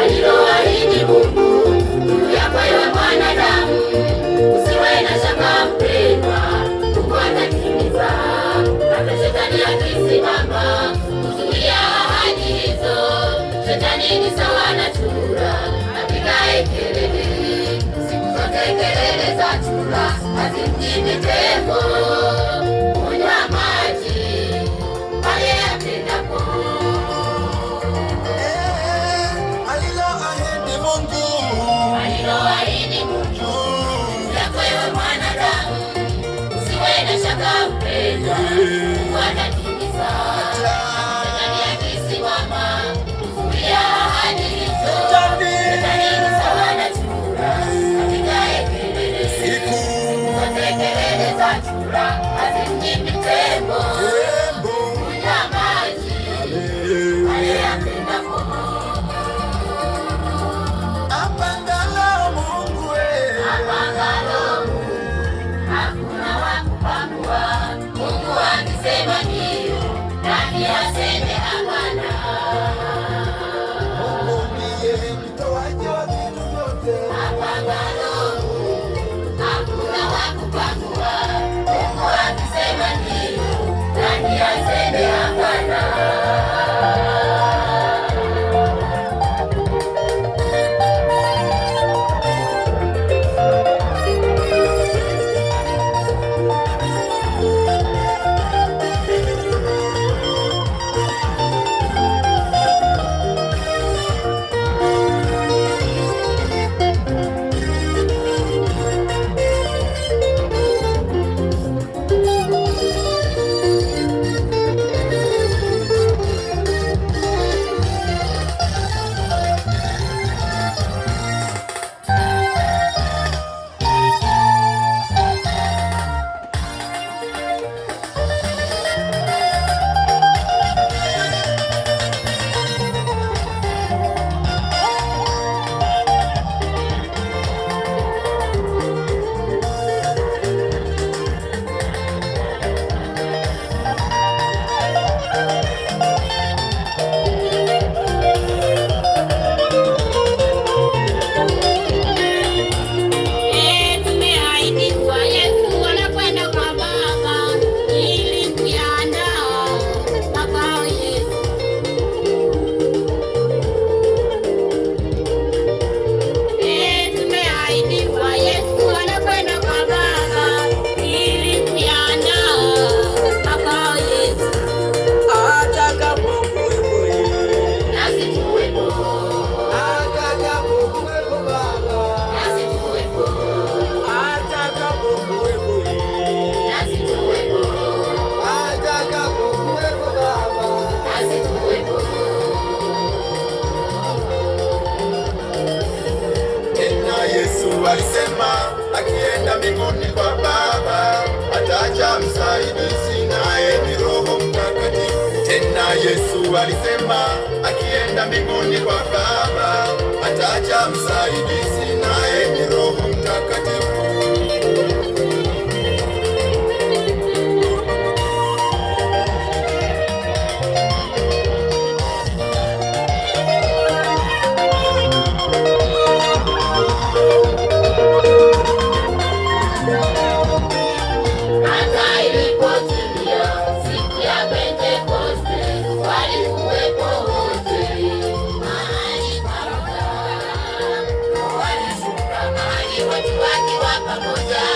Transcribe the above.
aliloahidi Mungu juu yako ewe mwanadamu. Usiwe na shaka mpendwa, Mungu atatimiza. Hata shetani akisimama kuzuia ahadi hizo, shetani ni sawa na chura apigaye kelele siku zote. Kelele za chura hazimjini tembo. Papa. mama akienda mbinguni kwa Baba ataacha msaidizi, naye ni Roho Mtakatifu. Tena Yesu alisema akienda mbinguni kwa Baba ataacha msaidizi, naye ni Roho pamoja